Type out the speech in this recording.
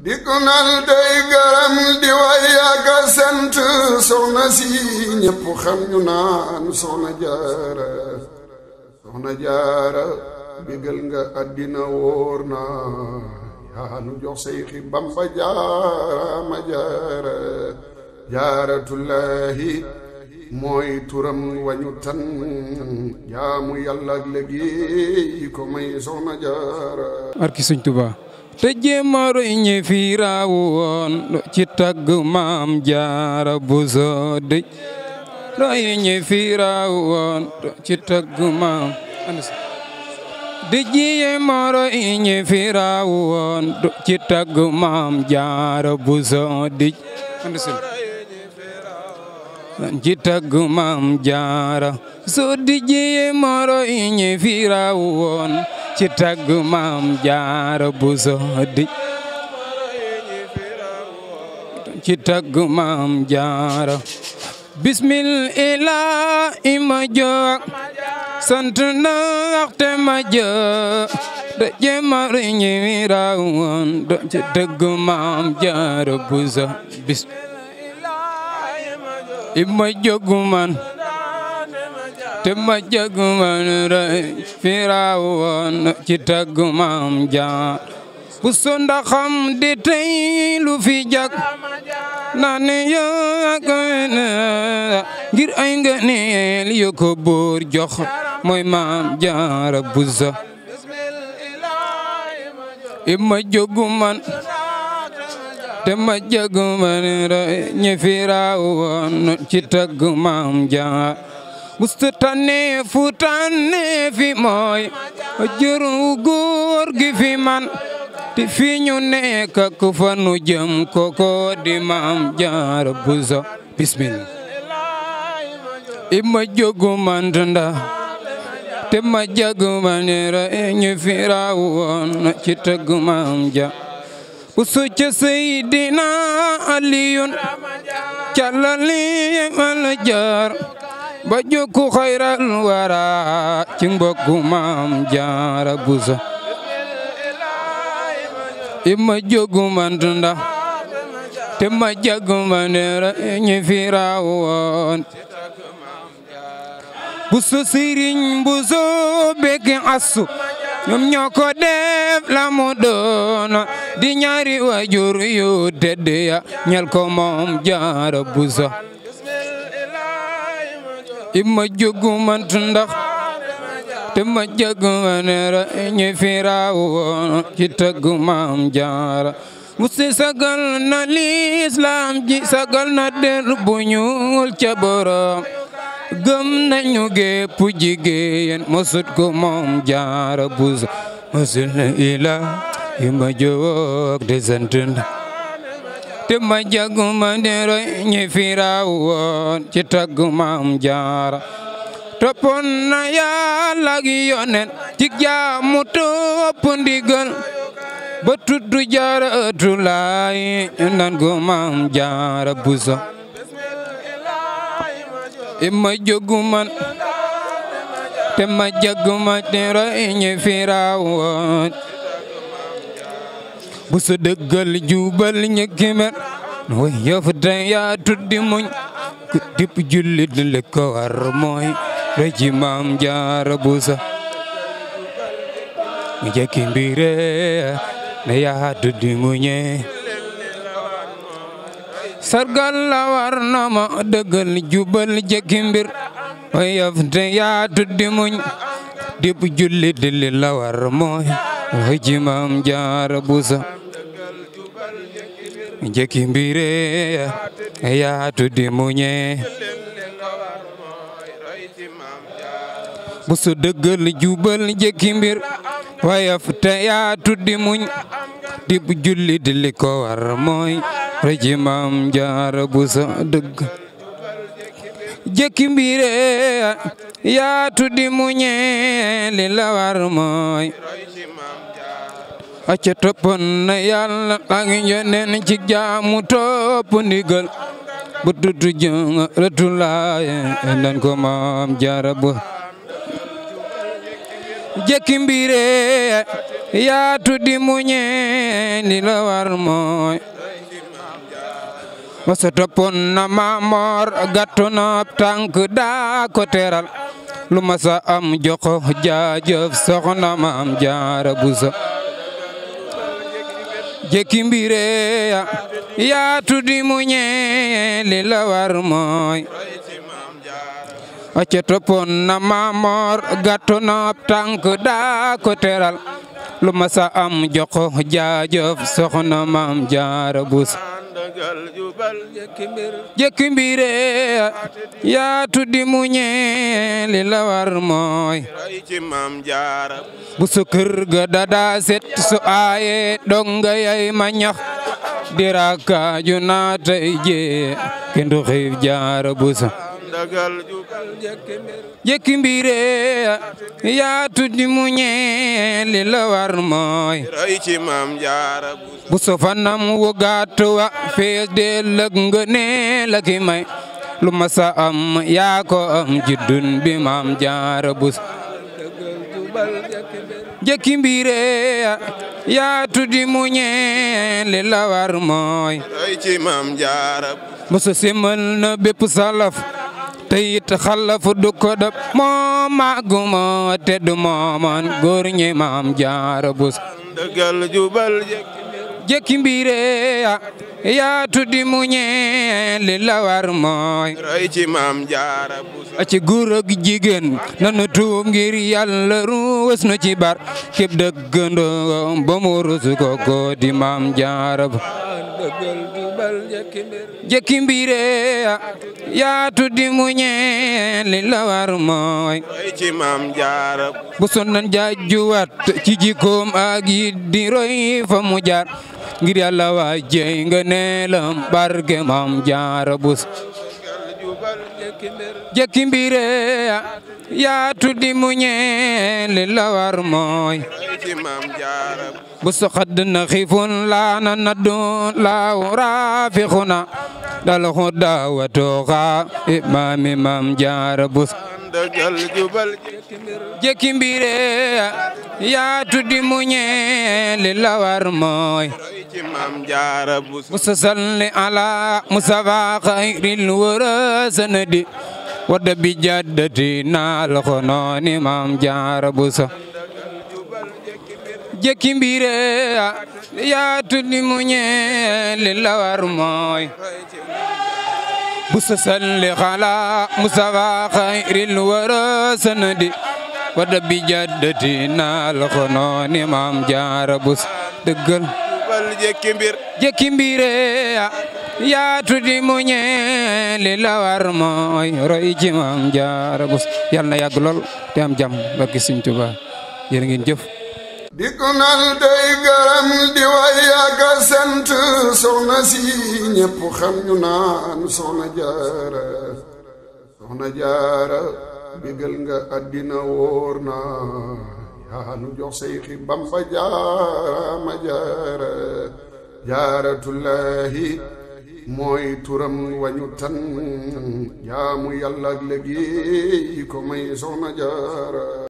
di gunal day garam di way ak sant soxna si ñépp xam ñu naan soxna jaara soxna jaara bégal nga àddina wóor na yaa nu jox Seyxi Bamba jaara ma jaara jaaratullaahi mooy turam wañu tan jaamu yàlla ak ko may soxna jaara barki Sëñ Tuubaa te jéema roy ñi fi raawoon ci tagg maam jaara buso dëj roy ñi fi raawoon ci tagg maam ci tagg maam jaara buso dëj ci tagg maam jaara so di ci tagg maam jaara buso di ci tagg maam jaara bismil ilaa ima joog sant waxte ma joog da jemar ñi wiraawoon da ci tagg maam jaara buso bis ima joog man te ma jëggu man rëy firaawoon ci taggu maam jaan bu sonda xam tey lu fi jag na ne ngir ay ngëneel yu ko buur jox mooy maam jaara buza i ma man te ma man rëy ñi firaawoon ci taggu maam jaan busta tànnee fu seydina aliyun calali ma la ba jukku xayral wara ci mbokku maam jaara busa imma jogu mantunda te ma jagu manera ñi fi raawoon busu siriñ busu beki asu ñoom ñoo ko la mu doon di ñaari wajur yu tedd ya ñel ko moom jaara busa i ma jógu mant ndax te ma jag ma ñi fi ci tëgg maam jaara musi sagal na lislaam ji sagal na der bu ñuul ca borom gëm nañu gépp jigéen mosut ko moom jaara busa musul ila i ma jóg de sant te ma jaguma dero ñi firaawoon ci tagg maam jaara toppoon na yàlla gi ci jaamu topp ba tuddu jaara ëttu laay nan ko maam jaara busa e ma joguman te ma jaguma dero ñi firaawoon bu su dëggal juubal ñu kimer way yëf tey yaa muñ ku dip jullit li war mooy reji maam jaara busa mu jekki mbire ne yaa muñe sargal la na ma dëggal jubal jekki mbir way yëf tey yaa tuddi muñ dip li la war mooy reji maam jaara busa jëkki mbire yaa tuddi muñe bu su dëggal jubal jëkki mbir wayaf te yaa tuddi muñ di julli di li war mooy rëji maam jaara bu sa dëgg jëkki mbire yaa tuddi muñe li la war mooy acca toppoon na yàlla ak yoneen ci jaamu topp ndigal bu tudd jëng rëtulaaye dan ko maam jaara ba jekki mbire yaatu di muñe la war mooy wasa toppoon na maamoor gàttu na tànk daa ko teral lu masa am joxo jaajëf soxna maam jaara bu sa jekki mbireya yaa tuddi muñee li la war mooy acca toppoon na maamoor gàttu na tànk daa ko teral lu ma sa am jox ko jaajëf soxna maam jaara busa jëkk mbire yaa tuddi mu ñee li la war mooy bu sukkur ga dada set aaye donga yay ma ñax di rakkaaju naa tey jee kenn xiif jaara busa sagal jugal jekki mbir jekki mbire mooy ray ci maam jaara wu gàtt wa fees dee lëg ki may lu ma am yaa am ci dun bi maam jaara bu jekki mbire yaa tuddi mu ñee mooy bu so simal na bépp salaf te it xalafu du ko dab moo maaguma te du moomoon góor ñi maam jaara bus dëggal jubal jekki mbire yaa tuddi mu ñeel li la mooy roy ci maam jaara buso ci jigéen nanu tuub ngir yàlla ruus nu ci bar képp dëggandoom ba mu rus ko ko di maam jaara ba jëkki mbire mu ñeel li la mooy roy ci maam jaara ci jikkoom ak yi di roy fa mu jaar ngir yàlla waay jéy nga neelam barke maam jaara bus jekki mbire yaa tuddi mu ñeel la war mooy bu soxad na xifun laa na naddu laaw raafixuna dal xu daawatooxa imaami maam jaara bus dëggal jubal jékki mbir jékki mbire yaa tuddi mooy roy ci maam jaara busa salli ala musafa xayril wara sanadi wadda bi jaddati naal xonooni maam jaara busa jékki mbire yaa tuddi muñe li la war mooy بسسل لخلا مصطفى خير الورى سندي ورب جدتنا الخنون مام جار بس دغل jekki mbir jekki mbire yaatu di muñe li la war mooy roy ci maam jaara bus yal na yàgg lool te am jàmm bakki Sëriñ Tuubaa yéen jëf di kunal day garam di way ak sant soxna si ñépp xam ñu naan soxna jaara soxna nga àddina wóor na yaa jox Seyxi Bamba jaarama jaara jaaratullaahi mooy turam wañu tan jaamu yàlla ak léegi ko may soxna jaara